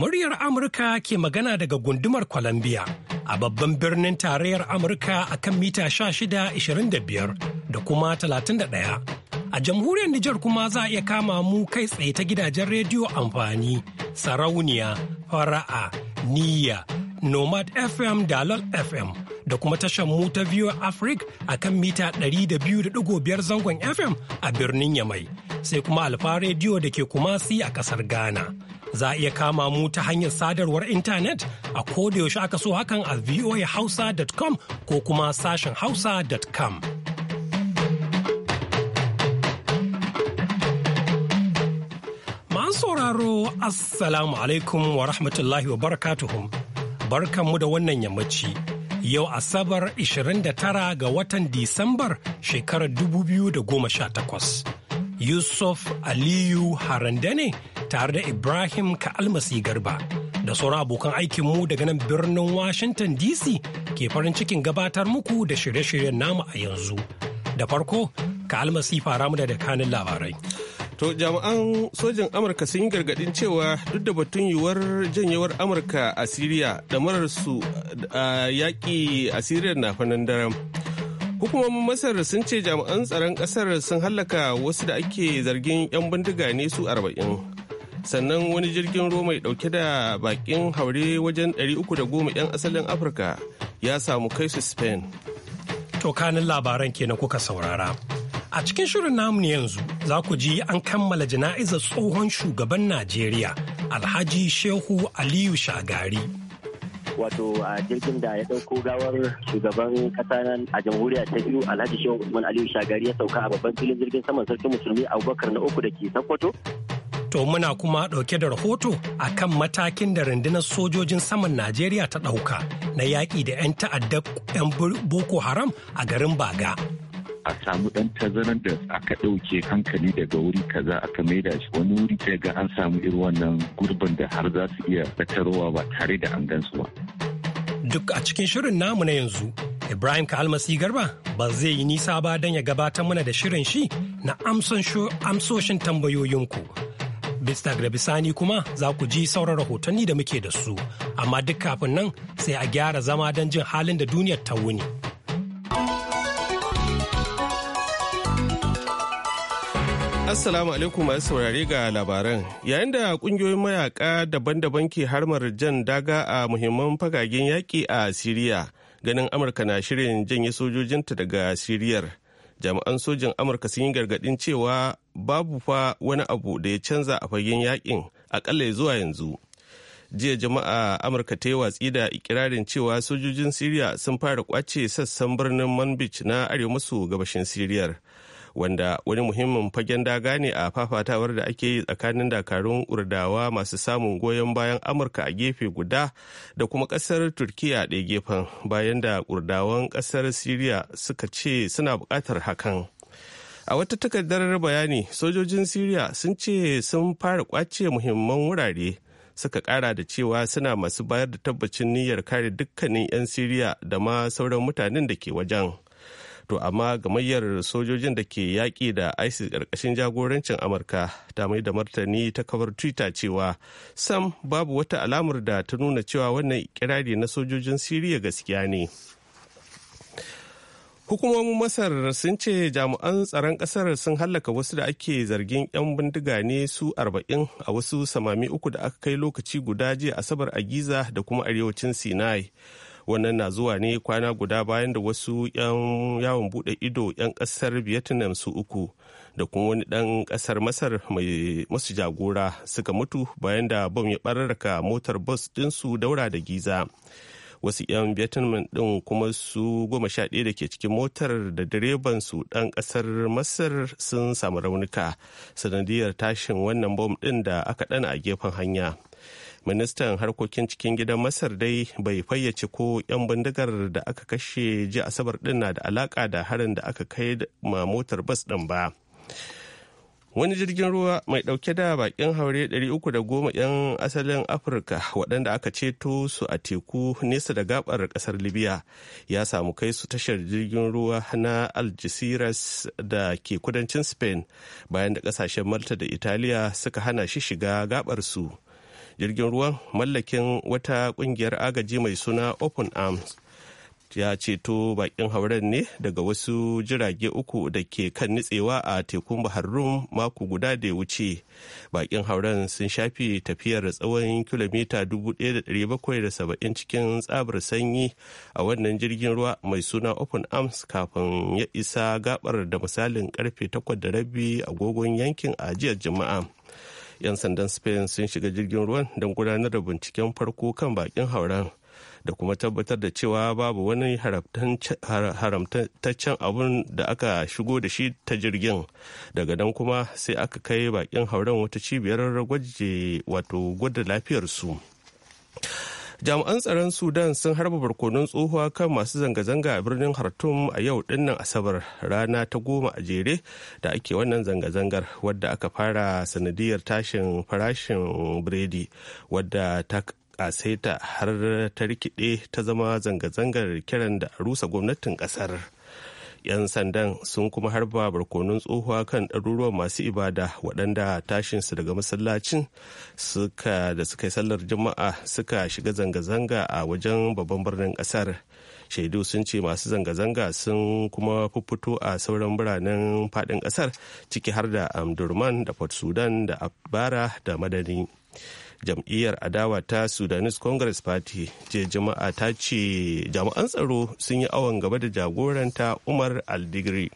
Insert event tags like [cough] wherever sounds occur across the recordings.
Muryar Amurka ke magana daga gundumar Columbia a babban birnin tarayyar Amurka a kan mita 16-25 da kuma 31. A jamhuriyar Nijar kuma za a iya kama mu kai tsaye ta gidajen rediyo amfani, sarauniya, fara'a, niyya, nomad FM da lol FM. da kuma tashar mu ta VOA Africa a kan mita ɗari da da biyu 200.5 zangon FM a birnin Yamai, sai kuma Alfa Rediyo da ke Kumasi a ƙasar Ghana. Za a iya kama mu ta hanyar sadarwar intanet a kodayaushe aka so hakan a voahausa.com ko kuma sashen hausa.com. sauraro Assalamu alaikum wa rahmatullahi wa barakatuhum. Barkanmu da wannan yammaci. yau Asabar 29 ga watan Disambar shekarar 2018. Yusuf Aliyu Haranda ne tare da Ibrahim Ka'almasi Garba da sauran abokan aikinmu daga nan birnin Washington DC ke farin cikin gabatar muku da shirye-shiryen namu a yanzu. Da farko, Ka'almasi fara mu da kanin labarai. To jami'an sojin Amurka sun yi gargadin cewa duk da batun yiwuwar janyewar Amurka a Siriya da mararsu a yaƙi a Siriya na fanan daren. Hukumomin Masar sun ce jami'an tsaron ƙasar sun hallaka wasu da ake zargin 'yan bindiga ne su arba'in. Sannan wani jirgin ruwa mai ɗauke da bakin haure wajen 310 'yan asalin Afirka ya samu kai su Spain. To kanin labaran kenan kuka saurara. A cikin shirin namun yanzu za ku ji an kammala jana'izar tsohon shugaban Najeriya Alhaji Shehu Aliyu Shagari. wato a jirgin da ya ɗauko gawar shugaban kasa a jamhuriya ta biyu alhaji shehu usman aliyu shagari ya sauka a babban filin jirgin saman sarkin musulmi abubakar na uku da ke sokoto to muna kuma ɗauke da rahoto a kan matakin da rundunar sojojin saman najeriya ta ɗauka na yaƙi da 'yan ta'addar 'yan boko haram a garin baga a samu dan tazarar da aka ɗauke hankali daga wuri kaza aka maida shi wani wuri sai ga an samu irin wannan gurbin da har za su iya fatarowa ba tare da an gansu ba. Duk a cikin shirin namu na yanzu Ibrahim Kalmasi Garba ba zai yi nisa ba don ya gabatar mana da shirin shi na amsoshin tambayoyinku. Bista da bisani kuma za ku ji sauran rahotanni da muke da su, amma duk kafin nan sai a gyara zama don jin halin da duniyar ta wuni. Assalamu alaikum masu saurare ga labaran. Yayin da kungiyoyin mayaka daban-daban ke harmar jan daga a muhimman fagagen yaƙi a Siriya, ganin Amurka na shirin janye sojojinta daga Siriyar. Jami'an sojin Amurka sun yi gargaɗin cewa babu fa wani abu da ya canza a fagen yaƙin akalla zuwa yanzu. Jiya jama'a Amurka ta yi watsi da ikirarin cewa sojojin Siriya sun fara kwace sassan birnin Manbij na arewa maso gabashin Siriyar. wanda wani muhimmin fagen daga ne a fafatawar da ake yi tsakanin dakarun urdawa masu samun goyon bayan amurka a gefe guda da kuma kasar turkiya ɗaya gefen bayan da urdawan kasar syria suka ce suna buƙatar hakan a wata takardar bayani sojojin syria sun ce sun fara kwace muhimman wurare suka kara da cewa suna masu bayar da tabbacin niyyar kare dukkanin 'yan siriya da ma sauran mutanen da ke wajen to amma gamayyar sojojin da ke yaƙi da isis ƙarƙashin jagorancin amurka ta mai da martani ta kafar twitter cewa sam babu wata alamar da ta nuna cewa wannan kirari na sojojin siriya gaskiya ne hukumomin masar sun ce jami'an tsaron kasar sun hallaka wasu da ake zargin 'yan bindiga ne su 40 a wasu samami uku da aka kai lokaci guda jiya asabar a giza da kuma arewacin sinai wannan na zuwa ne kwana guda bayan da wasu 'yan yawon bude ido 'yan kasar vietnam su uku da kuma wani dan kasar masar mai masu jagora suka mutu bayan da bom ya bararraka motar bus ɗinsu daura da giza wasu 'yan vietnam din kuma su goma sha ɗaya da ke cikin motar da direban su ɗan ƙasar masar sun samu raunuka sanadiyar tashin wannan bom ɗin da aka ɗana a gefen hanya ministan harkokin cikin gidan masar dai bai fayyace ko 'yan bindigar da aka kashe ji asabar din na da alaka da harin da aka kai ma motar bas din ba wani jirgin ruwa mai dauke da bakin haure 310 'yan asalin afirka waɗanda aka ceto su a teku nesa da gabar ƙasar libya ya samu kai su tashar jirgin ruwa na algeciras da ke kudancin spain bayan da ƙasashen malta da italiya suka hana shi shiga gabar su jirgin ruwan mallakin wata kungiyar agaji mai suna open arms ya ceto bakin hauren ne daga wasu jirage uku da ke kan nitsewa a tekun bahar rum mako guda da ya wuce bakin hauren sun shafi tafiyar tsawon kilomita 1770 cikin tsabar sanyi a wannan jirgin ruwa mai suna open arms kafin ya isa gabar da misalin karfe 8 da rabi agogon yankin ajiyar jama'a 'yan sandan spain sun shiga jirgin ruwan don gudanar da binciken farko kan bakin hauren da kuma tabbatar da cewa babu wani haramtaccen abun da aka shigo da shi ta jirgin daga nan kuma sai aka kai bakin hauren wata cibiyar gwaje wato gwada lafiyarsu jami'an tsaron sudan sun harba barkonon tsohuwa kan masu zanga-zanga a birnin hartum a yau dinnan asabar rana ta goma a jere da ake wannan zanga-zangar wadda aka fara sanadiyar tashin farashin biredi wadda ta kasaita har ta rikide ta zama zanga-zangar kiran da a rusa gwamnatin kasar. 'yan sandan sun kuma harba barkonun tsohuwa kan ɗaruruwan masu ibada waɗanda tashinsu daga masallacin suka da suka yi sallar juma'a suka shiga zanga-zanga a wajen babban birnin ƙasar shaidu sun ce masu zanga-zanga sun kuma fito a sauran biranen faɗin ƙasar ciki har da amdurman da port sudan da abara da madani jam'iyyar adawa ta sudanese congress party je jama'a ta ce jami'an tsaro sun yi awon gaba da jagoranta umar aldigiri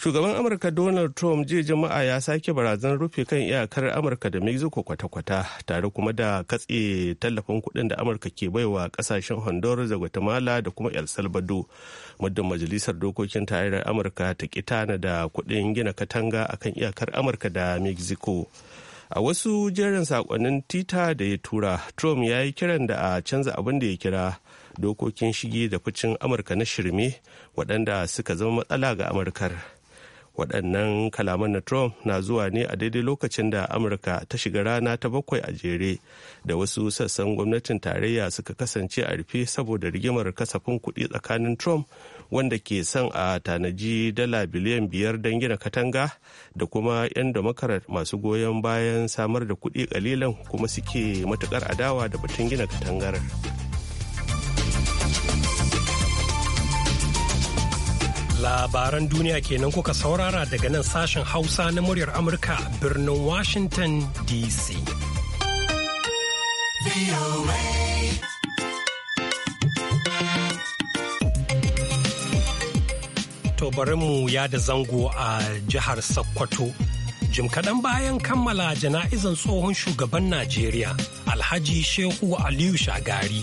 shugaban amurka donald trump jiya jama'a ya sake barazan rufe kan iyakar amurka da mexico kwata-kwata tare kuma da katse tallafin kudin da amurka ke baiwa kasashen honduras da guatemala da kuma el salvador muddin majalisar dokokin tarayyar amurka ta kitana da kudin gina katanga akan iyakar amurka da mexico a wasu jerin sakonnin tita da ya tura trump ya yi kiran da a canza abin da ya kira dokokin shige da ficin amurka na shirme waɗanda suka zama matsala ga amurkar waɗannan kalaman na trump na zuwa ne a daidai lokacin da amurka ta shiga rana ta bakwai a jere da wasu sassan gwamnatin tarayya suka kasance a rufe saboda rigimar kasafin kuɗi tsakanin trump wanda ke son a tanaji dala biliyan biyar don gina katanga da kuma 'yan makarar masu goyon bayan samar da kuɗi kalilan kuma suke matukar adawa da batun gina katangar. Labaran duniya kenan kuka saurara daga nan sashen Hausa na muryar Amurka birnin Washington DC. to bari mu ya da zango a jihar Sokoto. Jim kaɗan bayan kammala jana'izan tsohon shugaban Najeriya, Alhaji Shehu Aliyu Shagari.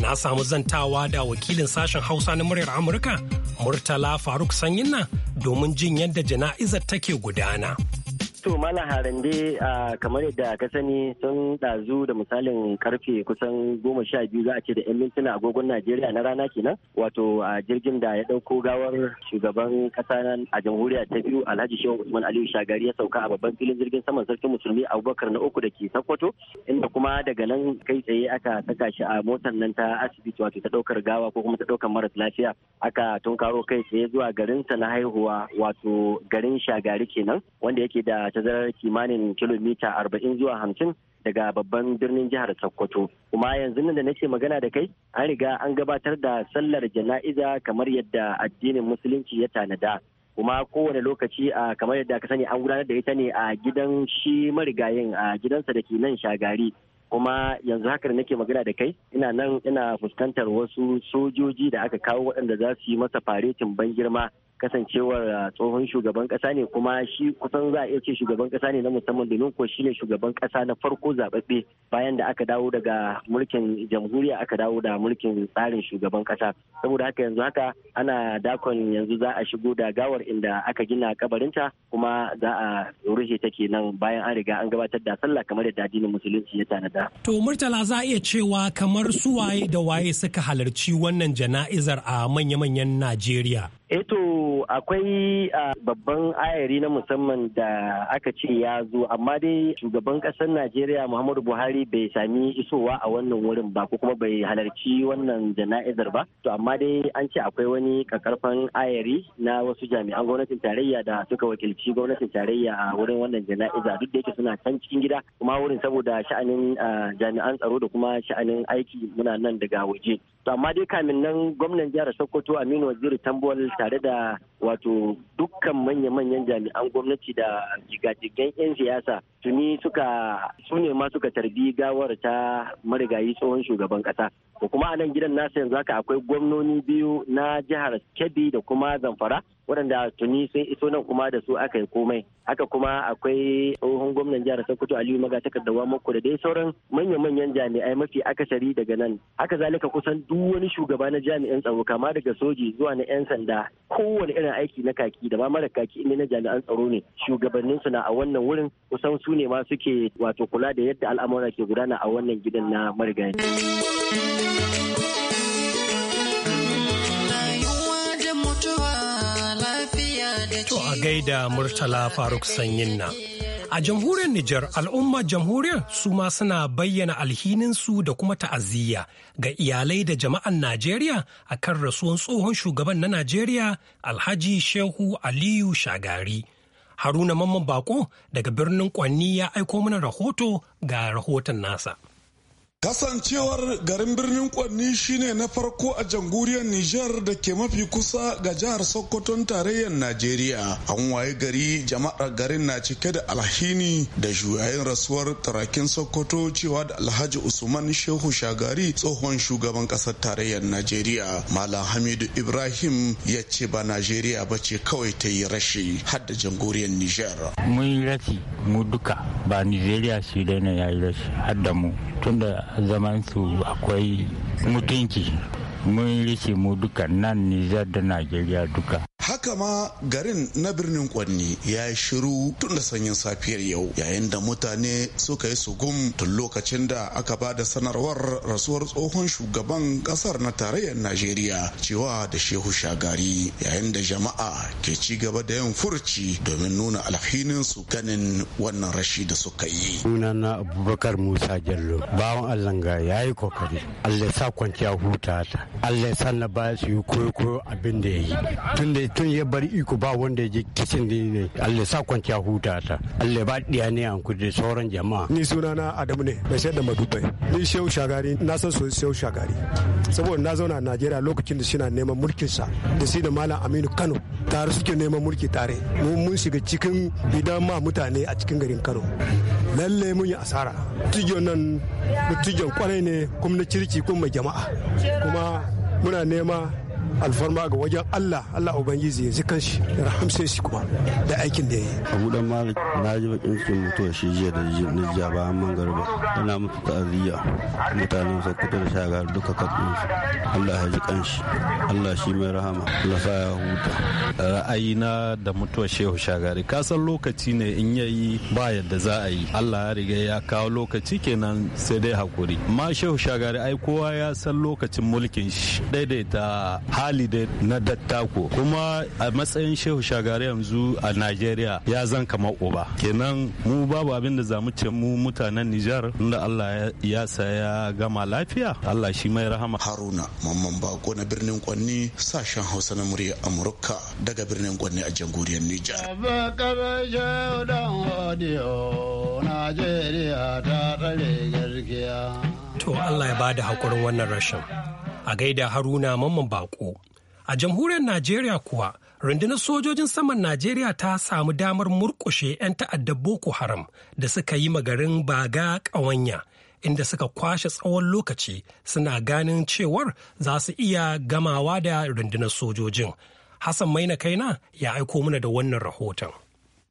Na samu zantawa da wakilin sashen Hausa na muryar Amurka, Murtala Faruk Sanyinna domin jin yadda jana'izar take gudana. To Mala Harande kamar yadda ka sani sun ɗazu da misalin karfe kusan goma sha biyu za a ce da 'yan mintuna agogon Najeriya na rana kenan wato a jirgin da ya ɗauko gawar shugaban ƙasa a jamhuriya ta biyu Alhaji Shehu Usman Aliyu Shagari ya sauka a babban filin jirgin saman sarkin musulmi Abubakar na uku da ke Sokoto inda kuma daga nan kai tsaye aka saka shi a motar nan ta asibiti wato ta ɗaukar gawa ko kuma ta ɗaukar maras lafiya aka tunkaro kai tsaye zuwa sa na haihuwa wato garin Shagari kenan wanda yake da tazarar kimanin kilomita arba'in zuwa hamsin daga babban birnin jihar Sokoto. Kuma yanzu nan da nake magana da kai, an riga an gabatar da sallar jana'iza kamar yadda addinin musulunci ya tanada. kuma kowane lokaci a kamar yadda ka sani an gudanar da ita ne a gidan shi marigayin a gidansa da ke nan shagari kuma yanzu haka da nake magana da kai ina nan ina fuskantar wasu sojoji da aka kawo waɗanda za su yi masa faretin ban girma kasancewar ah, tsohon shugaban kasa ne kuma shi kusan za a iya ce shugaban kasa ne na musamman domin ko shi ne shugaban kasa na farko zababbe bayan da aka dawo daga mulkin jamhuriya aka dawo da mulkin tsarin shugaban kasa saboda haka yanzu haka ana dakon yanzu za a shigo da gawar inda aka gina kabarinta kuma za a rufe take nan bayan an riga an gabatar da sallah kamar yadda addinin musulunci ya tanada to murtala za a iya cewa kamar su waye da waye suka halarci wannan jana'izar a manya-manyan Najeriya Eto eh akwai babban ayari na musamman da aka ce ya zo amma dai shugaban ƙasar Najeriya Muhammadu Buhari bai sami isowa a wannan wurin ba ko kuma bai halarci wannan jana'izar ba. To amma dai an ce akwai wani kakarfan ayari na wasu jami'an gwamnatin tarayya da suka wakilci gwamnatin tarayya a wurin wannan jana'iza duk da yake suna can cikin gida kuma wurin saboda sha'anin jami'an tsaro da kuma sha'anin aiki muna nan daga waje. To amma dai kamin nan gwamnan jihar Sokoto Aminu Waziri Tambol tare da wato dukkan manya-manyan jami'an gwamnati da jigajigan 'yan siyasa tuni suka su ne ma suka tarbi gawar ta marigayi tsohon shugaban kasa ko kuma a nan gidan nasa yanzu haka akwai gwamnoni biyu na jihar kebbi da kuma zamfara waɗanda tuni sun iso nan kuma da su aka yi komai haka kuma akwai tsohon gwamnan jihar sokoto aliyu maga takardawa mako da dai sauran manya-manyan jami'ai mafi akasari daga nan haka zalika kusan duk wani shugaba na jami'an tsaro kama daga soji zuwa na 'yan sanda kowane irin aiki na kaki da ma mara kaki inda na jami'an tsaro ne shugabannin su na a wannan wurin kusan su ne ma suke wato kula da yadda al'amura ke gudana a wannan gidan na marigayi. To a gaida Murtala Faruk Sanyin na. A jamhuriyar Nijar al'ummar jamhuriyar su ma suna bayyana alhininsu da kuma ta'aziyya ga iyalai da jama'an Najeriya a kan rasuwan tsohon shugaban na Najeriya Alhaji Shehu Aliyu Shagari. Haruna Mamman Bako daga birnin Kwanni ya aiko mana rahoto ga rahoton nasa. Kasancewar garin birnin Kwanni shine na farko a jamhuriyar Nijar da ke mafi kusa ga jihar Sokoton tarayyar Najeriya. An waye gari jama'ar garin na cike da alhini da juyayin rasuwar tarakin Sokoto cewa da Alhaji Usman Shehu Shagari tsohon shugaban kasar tarayyar Najeriya. Malam Hamidu Ibrahim ya ce ba Najeriya ba ce kawai ta yi rashi har da jamhuriyar Nijar. Mun yi rashi mu duka ba nigeria shi daina ya yi rashi har da mu tunda zaman su akwai mutunci mun rike mu duka nan Nijar da Najeriya duka. Haka ma garin na birnin Kwanni ya yi shiru tun da sanyin safiyar yau yayin da mutane suka yi sugum tun lokacin da aka ba da sanarwar rasuwar tsohon shugaban kasar na tarayyar Najeriya cewa da Shehu Shagari yayin da jama'a ke ci gaba da yin furci domin nuna alhinin su ganin wannan rashi da suka yi. Sunana Abubakar Musa Jallo bawan Allah ga yayi kokari Allah sa kwanciya hutata. Allah ya sa na baya su yi koyo abin da ya yi tun da tun ya bar iko ba wanda ya je kicin da ne Allah ya sa kwanciya huta ta Allah ba diya ne an kudi sauran jama'a ni sunana Adamu ne mai sayar da madubai ni Shehu Shagari na san so Shehu Shagari saboda na zauna a Najeriya lokacin da suna neman mulkin sa da shi da Malam Aminu Kano tare suke neman mulki tare mu mun shiga cikin bidan ma mutane a cikin garin Kano lalle mun yi asara Tijon nan tijon kwarai ne kuma na kirki kuma jama'a kuma muna nema alfarma ga wajen Allah Allah ubangiji ya zikan shi ya rahamse shi kuma da aikin da ya yi abu dan malik na ji bakin cikin mutuwa shi jiya da ji na jiya man garba yana mutu aziya mutanen sokoto da shagar duka katsin su Allah ya ji kanshi Allah shi mai rahama Allah sa ya huta na da mutuwar shehu shagari ka san lokaci ne in yayi ba yadda za a yi Allah ya riga ya kawo lokaci kenan sai dai hakuri ma shehu shagari ai kowa ya san lokacin mulkin shi daidaita hali da na dattako kuma a matsayin shehu shagari yanzu a najeriya ya zan kama uba kenan mu babu abin da zamu ce mu mutanen nijar inda allah ya saya gama lafiya allah shi mai rahama haruna mamman bako na birnin kwanni sashen hausa na murya amurka daga birnin kwanni a jamhuriyar nijar Najeriya ta To Allah ya ba da haƙurin wannan rashin. a gaida haruna mamman bako a jamhuriyar najeriya kuwa rundunar sojojin saman najeriya ta samu damar murkushe 'yan ta'addar boko haram da suka yi magarin baga ƙawanya inda suka kwashe tsawon lokaci suna ganin cewar za su iya gamawa da rundunar sojojin hassan maina kaina ya aiko mana da wannan rahoton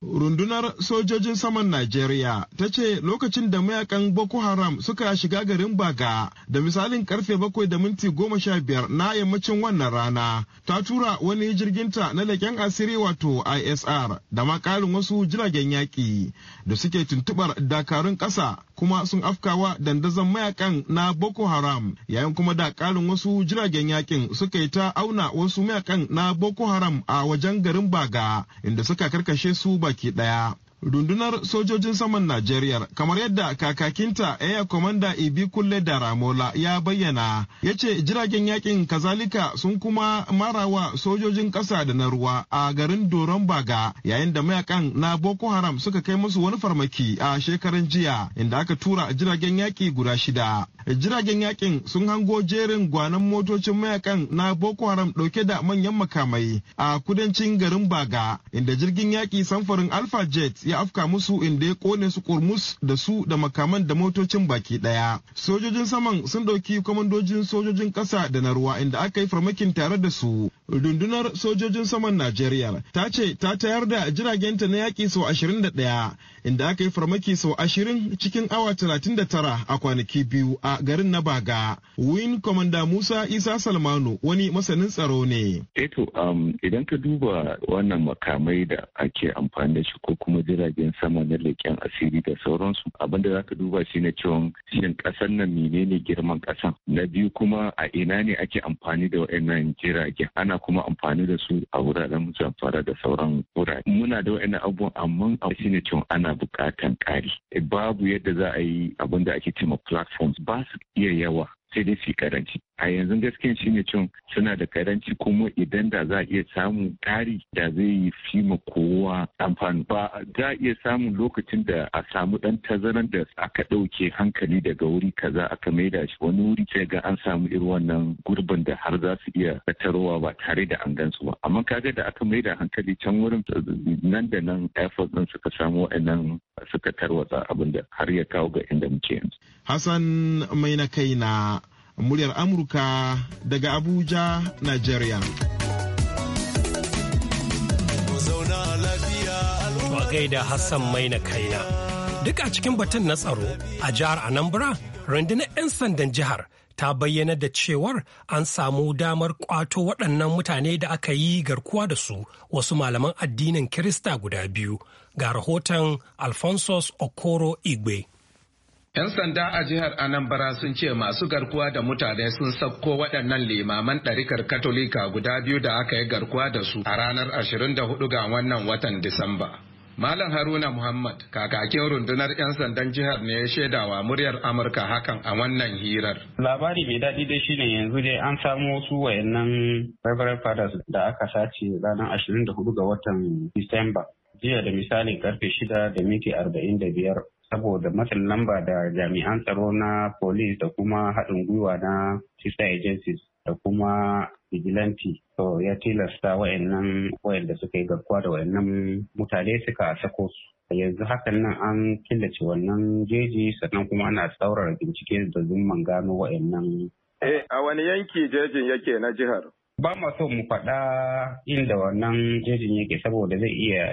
Rundunar sojojin saman Najeriya ta ce lokacin da mayakan Boko Haram suka shiga garin Baga da misalin karfe bakwai da minti goma sha biyar na yammacin wannan rana ta tura wani jirginta na leƙen asiri wato ISR da makalin wasu jiragen yaƙi da suke tuntubar dakarun ƙasa kuma sun afkawa dandazon mayakan na Boko Haram yayin kuma da ƙarin wasu jiragen yakin suka yi ta auna wasu mayakan na Boko Haram a wajen garin Baga inda suka karkashe su baki ɗaya. rundunar sojojin saman Najeriya kamar yadda kakakinta Air Commander Ibi Kulle da Ramola ya bayyana ya ce jiragen yakin kazalika sun kuma marawa sojojin ƙasa da na ruwa a garin Doron Baga yayin da mayakan na Boko Haram suka kai musu wani farmaki a shekaran jiya inda aka tura jiragen yaki guda shida. Jiragen yakin sun hango jerin gwanan motocin mayakan na Boko Haram ɗauke da manyan makamai a kudancin garin Baga inda jirgin yaki samfurin Alpha Jet ya afka musu inda ya kone su kurmus da su da makaman da motocin baki daya sojojin saman sun dauki kwamandojin sojojin kasa da na ruwa inda aka yi farmakin tare da su rundunar sojojin saman najeriya ta ce ta tayar da jiragenta na yaƙi sau 21 inda aka yi farmaki sau ashirin cikin awa talatin da tara a kwanaki biyu a garin na baga win komanda musa isa salmanu wani masanin tsaro ne eto eh um, idan ka duba wannan makamai da ake amfani da shi ko kuma jiragen sama na leƙen asiri da sauransu abin da za ka duba shi na cewa shin ƙasar nan menene girman ƙasan na biyu kuma a ina ne ake amfani da wa'annan jiragen ana kuma amfani da su a wuraren zamfara da sauran wurare muna da wa'annan abubuwan amma a shi ne cewa ana bukatan ƙari babu yadda za a yi abin da ake cewa platforms ba su iya yawa sai dai su yi karanci a yanzu gaskiya shine cin suna da karanci kuma idan da za a iya samu ƙari da zai yi fi ma kowa amfani ba za a iya samun lokacin da a samu ɗan tazaran da aka ɗauke hankali daga wuri kaza aka maida shi wani wuri sai ga an samu irin wannan gurbin da har za su iya tattarowa ba tare da an gansu ba amma kaga da aka maida hankali can wurin nan da nan effort din suka samu wa'annan suka tarwatsa abin da har ya kawo ga inda muke yanzu. Hassan mai na kai na muryar Amurka daga Abuja, Nigeria. gaida Hassan Maina Kaina. Duk a cikin batun na tsaro a jihar Anambra, rundunar 'yan sandan jihar ta bayyana da cewar an samu damar kwato waɗannan mutane da aka yi garkuwa da su wasu malaman addinin Kirista guda biyu ga rahoton Alphonsus Okoro Igwe. 'Yan sanda a jihar Anambra sun ce masu garkuwa da mutane sun sauko waɗannan limaman ɗarikar Katolika guda biyu da aka yi garkuwa da su a ranar 24 ga wannan watan Disamba. Malam Haruna Muhammad kakakin rundunar 'yan sandan jihar ne ya shaida wa muryar Amurka hakan a wannan hirar. Labari mai daɗi dai shine yanzu dai an samo su wayannan Reverend Fathers da aka sace ranar 24 ga watan Disamba. Jiya da misalin karfe 6 da minti 45 saboda matsin lamba da jami'an tsaro na polis da kuma haɗin gwiwa na sister agencies da kuma vigilante to ya tilasta wa'annan wa'anda suka yi garkuwa da wa'annan mutane suka sako su yanzu hakan nan an killace wannan jeji sannan kuma ana saurara bincike da zumman gano wa'annan eh, a wani yanki jejin yake na jihar? ba ma so mu faɗa inda wannan jejin yake saboda zai iya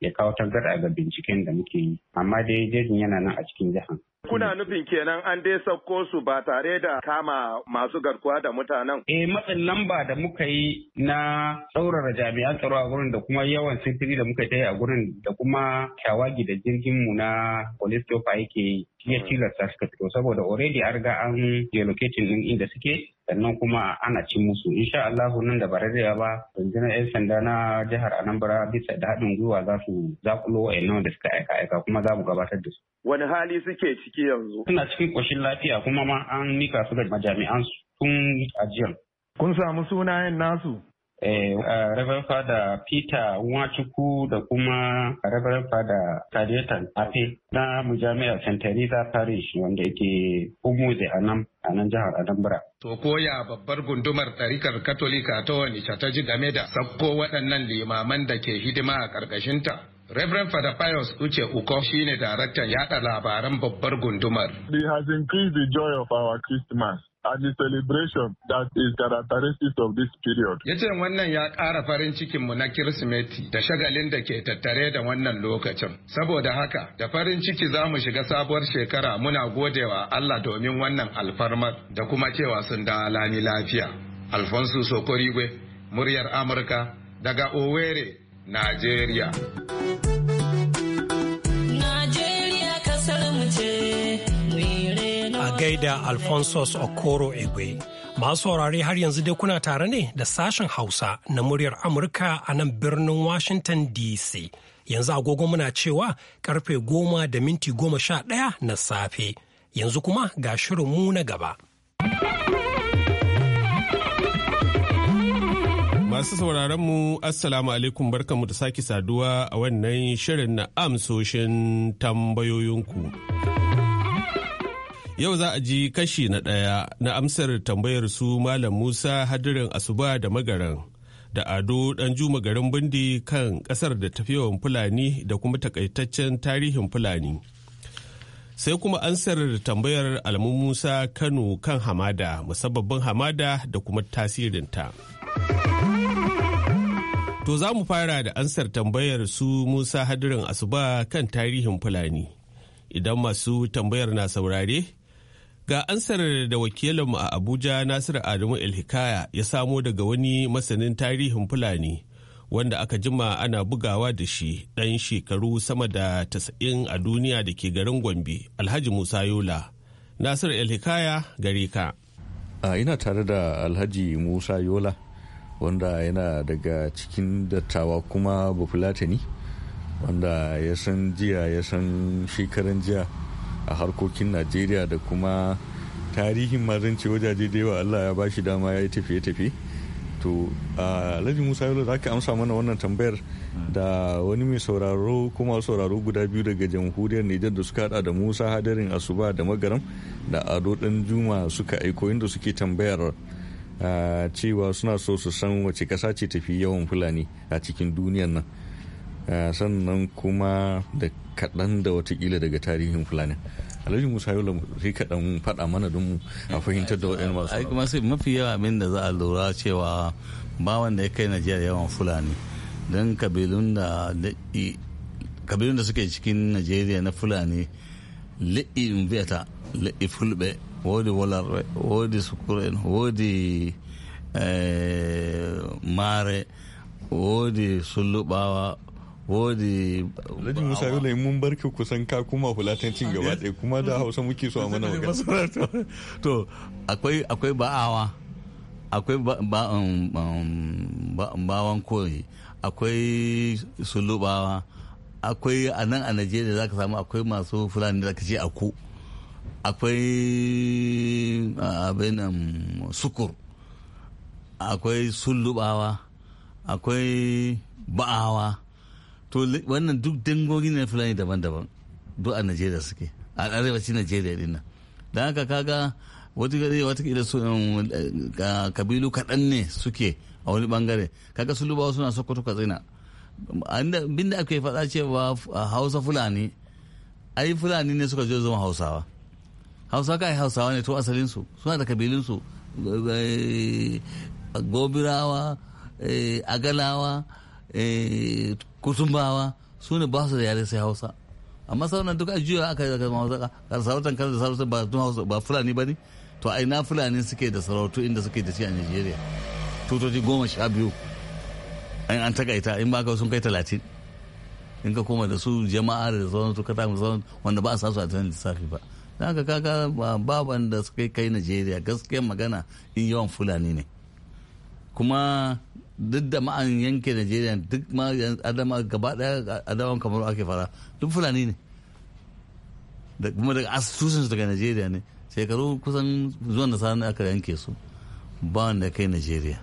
ya kawo tangarɗa ga binciken da muke yi amma dai jejin yana nan a cikin jihar Kuna nufin kenan an dai sauko su ba tare da kama masu garkuwa da mutanen? Eh matsin lamba da muka yi na tsaurara jami'an tsaro a gurin da kuma yawan sintiri da muka yi a gurin da kuma shawagi da jirgin mu na police yake ya hmm. tilasta suka fito saboda already an ga an geolocating ɗin inda suke sannan kuma ana cin musu insha Allah nan da bararriya ba rundunar 'yan sanda na jihar Anambra bisa da haɗin gwiwa za su zakulo wa'annan da suka aika aika kuma za mu gabatar da su. Wani hali suke ciki yanzu? Suna cikin ƙoshin lafiya kuma ma an mika su ga majami'an su tun ajiyan. Kun samu sunayen nasu? Eh, uh, Reverend Fada Peter Nwachukwu da kuma Reverend Fada Kadetan Afe na Mujami'ar St. Teresa Parish wanda yake Umuze a nan a nan jihar Anambra. To koya babbar gundumar ɗarikar Katolika ta wani ta ji game da sakko waɗannan limaman da ke hidima a ƙarƙashinta. Reverend Father Pius Uche Uko shine daraktan yada labaran babbar gundumar. He has increased the joy of our Christmas. and the celebration that is characteristic of this period. Ya ce wannan ya ƙara farin cikinmu na Kirsimeti da shagalin da ke tattare da wannan lokacin. Saboda haka, da farin ciki za mu shiga sabuwar shekara muna godewa Allah domin wannan alfarmar da kuma cewa sun da lami lafiya. Alfonso Sokorigwe, muryar Amurka, daga Owerri, Najeriya. da Alphonsus Okoro Egwe. Masu saurare har yanzu dai kuna tare ne da sashen Hausa na muryar Amurka a nan birnin Washington DC. Yanzu agogo muna cewa karfe goma da minti goma sha ɗaya na safe. Yanzu kuma ga shirin mu na gaba. Masu sauraron mu Assalamu alaikum barkanmu da sake saduwa a wannan shirin na amsoshin tambayoyinku. Yau za a ji kashi na ɗaya na amsar tambayar su Malam Musa hadirin Asuba da Magaran da Ado juma garin Bindi kan ƙasar da tafiyawan Fulani da kuma takaitaccen tarihin Fulani. sai kuma ansar tambayar alamun musa kano kan hamada musabbabin hamada da kuma tasirinta to za mu fara da ansar tambayar su musa hadirin asuba kan tarihin fulani idan masu tambayar na saurare Ga ansar da wakilinmu a Abuja Nasiru Adamu Elhikaya ya samo daga wani masanin tarihin Fulani wanda aka jima ana bugawa da shi ɗan shekaru sama da tasa'in a duniya da ke garin Gombe, Alhaji Musa Yola. nasir Elhikaya gare ka. ina tare da Alhaji Musa Yola wanda yana daga cikin dattawa kuma Bafulatani wanda ya san jiya ya san shekaran jiya. a harkokin najeriya da kuma tarihin mazanci wajaje da yawa allah ya bashi dama ya yi tafiye-tafiye to alhaji musa yalo za ka amsa mana wannan tambayar da wani mai sauraro kuma sauraro guda biyu daga jamhuriyar nijar da suka hada da musa hadarin asuba da magaram da ado dan juma suka aiko inda suke tambayar cewa suna so su san wace kasa ce tafi yawan fulani a cikin duniyar nan sannan kuma da kaɗan da watakila daga tarihin fulani alhaji musa yola sai ka dan faɗa mana don a fahimtar da waɗannan masu ai kuma sai mafi yawa abin da za a lura cewa ba wanda ya kai najeriya yawan fulani don kabilun da kabilun da suke cikin najeriya na fulani li'i mveta li'i fulbe wodi walarwe wodi sukurin wodi eh, mare wodi sulubawa wodi Alhaji Musa Yulai mun barke kusan ka kuma cin gaba ɗaya kuma da Hausa muke so a mana [laughs] magana to akwai akwai ba'awa akwai um, um, bawan kori akwai sulubawa akwai a nan a najeriya za ka samu akwai masu fulani da ka ce aku akwai abin sukur akwai sulubawa akwai ba'awa to wannan duk dangogi ne fulani daban-daban duk a najeriya suke a arewacin najeriya din nan don haka kaga wata watakila su um, eh, kabilu kaɗan ne suke a wani bangare kaga su lubawa suna sokoto katsina binda ake faɗa cewa uh, hausa fulani ai fulani ne suka zo zama hausawa hausa kai hausawa ne to asalin su suna da su eh, gobirawa eh, agalawa kusumbawa su ne ba su da yare sai hausa amma sauran duka juya aka yi zama hausa a sarautan da sarautan ba tun hausa ba fulani ba ne to a ina fulani suke da sarautu inda suke da shi a nigeria tutoci goma sha biyu an an takaita in ba ka sun kai talatin in ka koma da su jama'a da sauran su kata sauran wanda ba a sasu a tunan lissafi ba don haka kaga baban da suka kai nigeria gaskiyar magana in yawan fulani ne kuma duk da ma'an yanke najeriya duk ma adama gaba daya adama kamar ake fara duk fulani ne da kuma daga asusun daga najeriya ne shekaru kusan zuwan da sani aka yanke su ba wanda kai najeriya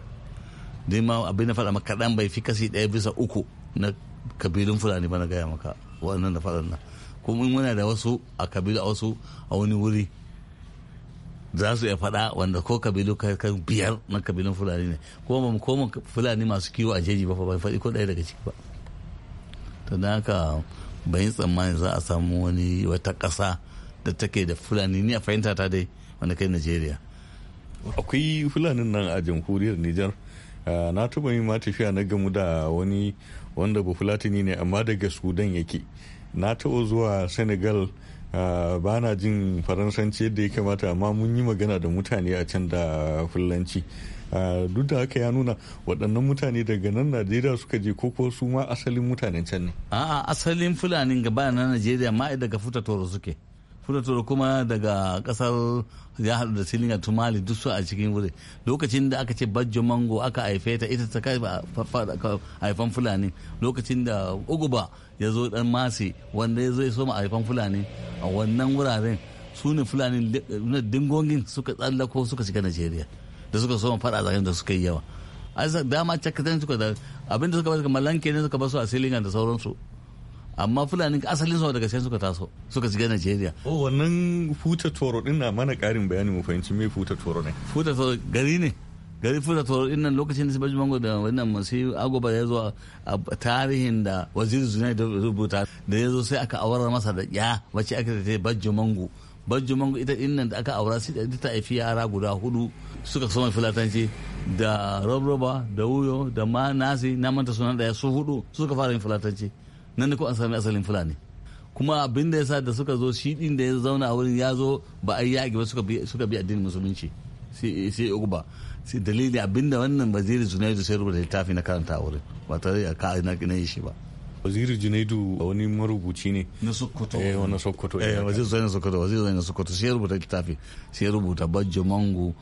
dai ma abin na faɗa maka kaɗan bai fi kasi ɗaya bisa uku na kabilun fulani ba na gaya maka waɗannan da faɗan nan kuma in muna da wasu a kabila wasu a wani wuri za su iya faɗa wanda ko kabilu kan biyar na kabilun fulani ne ko mu ko fulani masu kiwo a jeji ba fa bai faɗi ko ɗaya daga ciki ba to don haka ban yi tsammani za a samu wani wata ƙasa da take da fulani ni a fahimta ta dai wanda kai najeriya akwai fulanin nan a jamhuriyar nijar na taba yi ma tafiya na gamu da wani wanda ba fulatani ne amma daga sudan yake na taɓa zuwa senegal ba na jin faransanci yadda ya kamata amma mun yi magana da mutane a can da fulanci duk da haka ya nuna waɗannan mutane daga nan najeriya suka je ko su ma asalin mutanen can ne a'a asalin fulanin gaba na najeriya ma daga futa toro suke futa toro kuma daga kasar ya haɗu da a tumali duk su a cikin wuri lokacin da aka ce bajjo mango aka haife ta ita ta kai haifan fulani lokacin da uguba ya zo dan masi wanda ya zo ya soma haifan fulani a wannan wuraren su ne fulani na dingongin suka tsallako suka shiga najeriya da suka soma fada zagan da suka yi yawa a dama cakatan suka da abinda suka bar malanke ne suka basu a silingan da sauransu amma fulani asalin su daga can suka taso suka shiga Najeriya. o oh, wannan futa toro din na mana karin bayani mu fahimci me futa toro ne. Futa toro gari ne gari fusa toro din lokacin da su mango da wannan masu agoba ya zo a tarihin da waziri zunai da rubuta da ya zo sai aka awar masa da ya wace aka ta bajjo mango bajjo mango ita din nan da aka aura sai da ta haifi yara guda hudu suka soma filatanci da robroba da wuyo da ma nasi na manta sunan daya su hudu suka fara yin filatanci nan da ko an sami asalin fulani kuma abin da ya sa da suka zo shi din da ya zauna a wurin ya zo ba a yi yaƙi ba suka bi addinin musulunci sai uba sai dalili abinda wannan waziri junaidu sai rubuta littafi na karanta a wurin ba tare da ka na yi shi ba waziri junaidu wani marubuci ne na sokoto eh wani sokoto eh, eh. waziri zai sokoto waziri zai sokoto sai rubuta littafi sai rubuta bajjo mango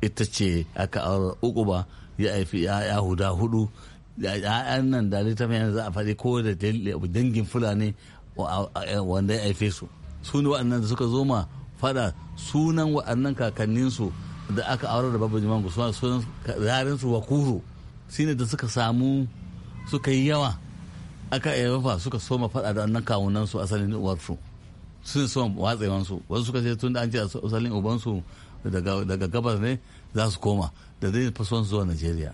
ita ce aka aure uku ba ya aifi ya huda hudu ya'yan nan da littafin yana za a faɗi ko da dangin fulani wanda ya aife su su ne waɗannan da suka zo ma faɗa sunan waɗannan kakanninsu da aka aure da babu jimangu sunan zarin su wakuru ne da suka samu suka yi yawa aka yawa suka soma faɗa da annan kawunan su asalin uwarsu sun soma watsewan su wasu suka ce tun da an ce asalin ubansu daga gabas ne za su koma da zai fi son zuwa Najeriya.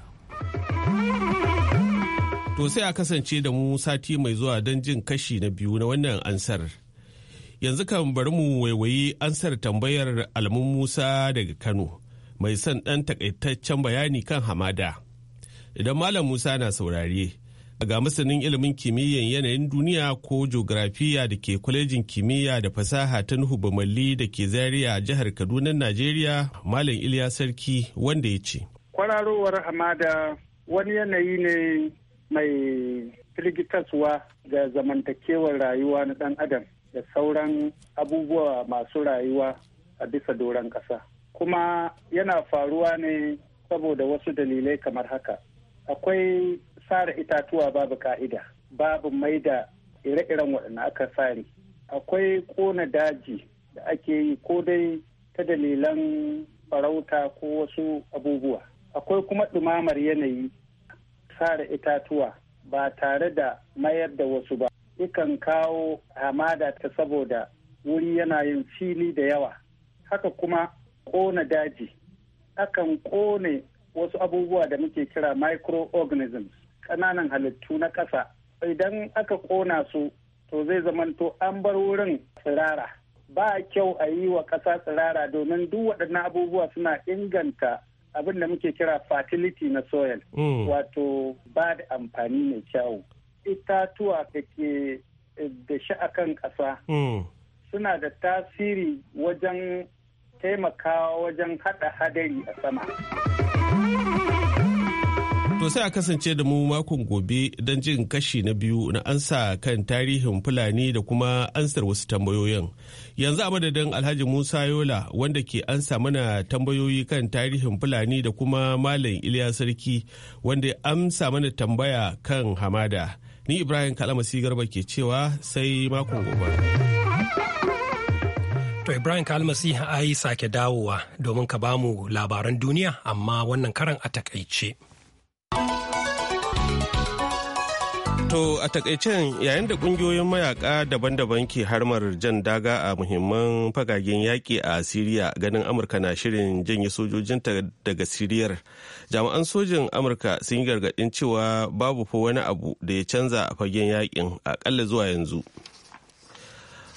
To sai a kasance da mu sati mai zuwa don jin kashi na biyu na wannan ansar. Yanzu kan bari mu waiwayi ansar tambayar Almun Musa daga Kano. mai son ɗan takaitaccen bayani kan hamada. Idan Malam Musa na saurare, ga masanin ilimin kimiyyar yanayin duniya ko geografiya da ke kwalejin kimiyya da fasaha ta Nuhu Bamalli da ke Zaria jihar Kaduna, Najeriya, Malam Iliya Sarki wanda ya ce. Kwararowar hamada wani yanayi ne mai firgitaswa ga zamantakewar rayuwa na ɗan adam da sauran abubuwa masu rayuwa a bisa doron ƙasa. kuma yana faruwa ne saboda wasu dalilai kamar haka akwai sare itatuwa babu ka'ida babu mai da ire-iren waɗanda aka sare akwai kona daji da ake yi ko dai ta dalilan farauta ko wasu abubuwa akwai kuma ɗumamar yanayi sare itatuwa ba tare da mayar da wasu ba ikan kawo hamada ta saboda wuri yana yin fili da yawa haka kuma kona daji akan kone wasu abubuwa da muke kira microorganisms kananan halittu na ƙasa idan aka kona su to zai zamanto an bar wurin tsirara ba kyau a yi wa ƙasa tsirara domin duk waɗannan abubuwa suna inganta abin da muke kira fertility na soil mm. wato ba da amfani mai kyau itatuwa da ke eh, da shi akan ƙasa mm. suna da tasiri wajen taimakawa wajen haɗa hadari a sama. To sai a kasance da mu makon gobe don jin kashi na biyu na ansa kan tarihin Fulani da kuma ansar wasu tambayoyin. Yanzu a madadin Alhaji Musa Yola wanda ke ansa mana tambayoyi kan tarihin Fulani da kuma Malam Iliya Sarki wanda amsa mana tambaya kan hamada. Ni Ibrahim Kalamasi Garba ke cewa sai makon gobe. To Ibrahim Kalmasi yi sake dawowa domin ka bamu labaran duniya amma wannan karan a takaice. To a takaice yayin da kungiyoyin mayaka daban-daban ke harmar jan daga a muhimman fagagen yaƙi a Siriya ganin Amurka na shirin janye sojojinta daga Siriyar. Jami'an sojin Amurka sun yi gargaɗin cewa babu fa wani abu da ya canza fagen yaƙin a zuwa yanzu.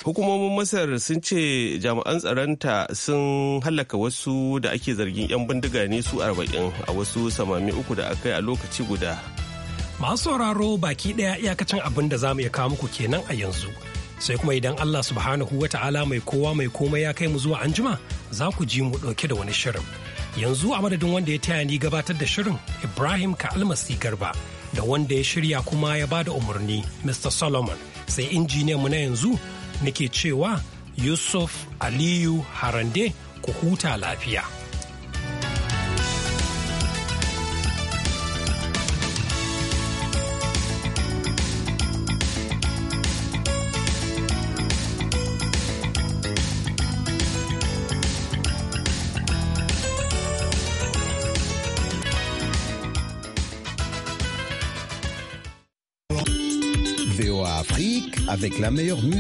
hukumomin masar sun ce jami'an tsaronta sun hallaka wasu da ake zargin 'yan bindiga ne su arba'in a wasu samami uku da aka yi a lokaci guda masu sauraro baki daya iyakacin abin da za mu iya kawo muku kenan a yanzu sai kuma idan allah subhanahu wa ta'ala mai kowa mai komai ya kai mu zuwa anjima za ku ji mu dauke da wani shirin yanzu a madadin wanda ya taya ni gabatar da shirin ibrahim ka almasi garba da wanda ya shirya kuma ya bada umarni mr solomon sai injiniyan mu na yanzu nake cewa Yusuf Aliyu Harande ku huta lafiya. avec la meilleure musique.